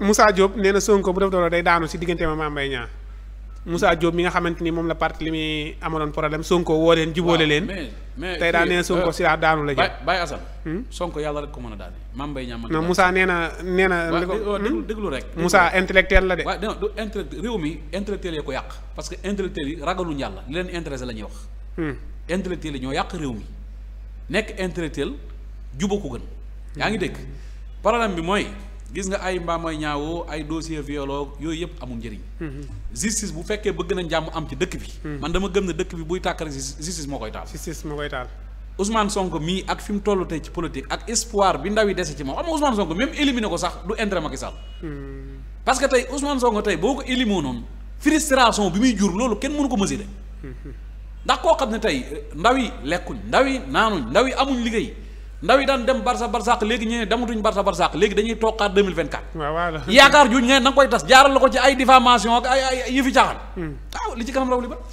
Moussa Diop nee na Sonko bu def doole day daanu si diggante ma Mame ni moom la parti li muy amaloon problème Sonko woo leen jubóole leen. mais tey daal nee na Sonko euh, si laa daanu la jëm. Baye Assane. Hmm? Sonko yàlla rek ko mën a daane. Mame Mbaye Niang non Moussa nee na oh, hmm? la de. waaw non du intellectuel réew mi intellectuel yi ko yàq parce que intellectuel yi ragaluñ yàlla li leen intéressé la ñuy wax. Hmm. intellectuel yi ñoo yàq réew mi nekk intellectuel jubóo ko gën. yaa ngi dégg problème bi mooy gis nga ay mbaamay ñaawoo ay dossier viologue yooyu yëpp amul njëriñ mhm. justice bu fekkee bëgg na jàmm am ci dëkk bi mhm. man dama gëm ne dëkk bi buy tàkk rek justice moo koy taal justice moo koy taal Ousmane Sonko mii ak fi mu toll tey ci politique ak espoir bi ndaw yi dese ci moom xam nga Ousmane Sonko même éliminé ko sax du intérêt Macky Sall mhm. parce que tey Ousmane Sonko tey boo ko éliminé noonu frustration bi muy jur loolu kenn mënu ko mesurer ndax koo xam ne tey ndaw yi lekkuñ ndaw yi naanuñ ndaw yi amuñ liggéey ndaw yi daan dem barsa barsàq léegi ñu ne dematuñ barsa barsàq léegi dañuy tooqaat 2024 waaw yaakaar juñ ne na nga koy tas jaaral la ko ci ay diffamation ak ay ay yëfi caaxaan hmm. waaw li ci kanam raw li ba